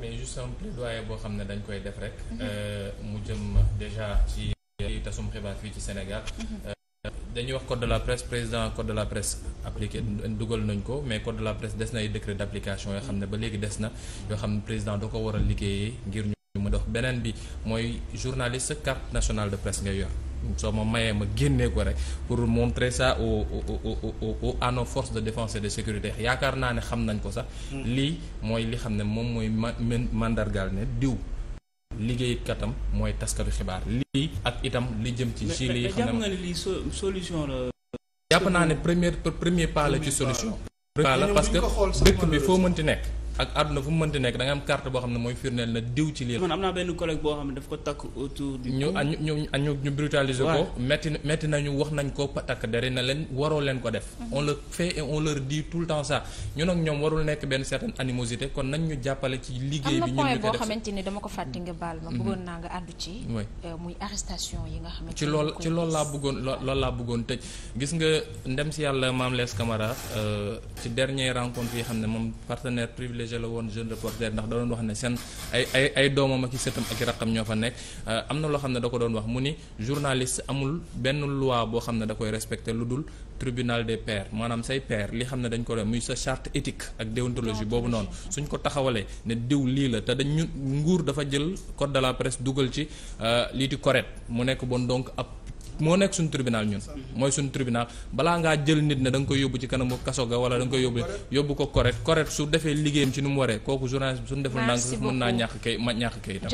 mais juste un plaidoyer boo xam ne dañ koy def rek. Mhm. Euh, mu jëm déjà ci tasum xibaar fii ci Sénégal. Mhm. Euh, dañuy wax code de la presse président code de la presse appliqué dugal nañ ko mais code la presse des na ay décret d'application yoo xam ne ba léegi des na yoo xam ne président da ko waral a liggéeyee ngir ñu mu dox beneen bi mooy journaliste carte national de presse ngay yor. soo ma mayee ma génnee ko rek pour montrer ça au au à nos forces de défense et de sécurité yaakaar naa ne xam nañ ko sax. Hmm. lii mooy li xam ne moom mooy mandargaal ne diw. liggéey katam mooy taskatu xibaar lii ak itam li jëm ci. ci lii xam nga lii solution la. jàpp naa ne premier premier pas la ci solution. premier pas la parce que dëkk bi foo mënti nekk. ak àdduna fu mu mënti nekk da nga am carte boo xam ne mooy firndeel na diw ci lii. man am naa benn collègue boo xam ñu wax nañ ko takk deri leen waroo leen ko def. Mhm. on le fait et on leur tout le temps ça ñun ak ñoom warul nekk benn certaine animosité kon nañ ñu jàppale ci liggéey bi. ñun ñu koy def am na point boo xamante ni dama ko fàtte nga baal ma. Mhm. bëggoon naa nga àddu ci. Euh, muy arrestation yi nga xamante ci lool ci loolu laa bëggoon loolu laa bëggoon tëj gis nga ndem si yàlla Mame Less Camara euh, ci dernier rencontre yi xam ne moom partenaire privilégié engagé la woon ndax da doon wax ne seen ay ay ay doomam ak i sëtam ak i raqam ñoo fa nekk euh, am na loo xam ne da ko doon wax mu ni journaliste amul benn loi boo xam ne da koy respecté lu dul tribunal des pairs maanaam say pairs li xam ne dañ ko doon muy sa charte éthique ak déontologie boobu noonu suñ ko taxawalee ne diw lii la te dañ ñu nguur dafa jël code de la presse dugal ci euh, lii di correct mu nekk bon donc ab moo nekk suñu tribunal ñun mooy suñu tribunal balaa ngaa jël nit ne da nga koy yóbbu ci kanamu kaso ga wala da nga koy yóbbu yóbbu ko correct correct su defee liggéeyam ci nu mu waree kooku journaliste bi suñu deful ndànk sax mën naa ñàkk kay ma ñàkk kay itam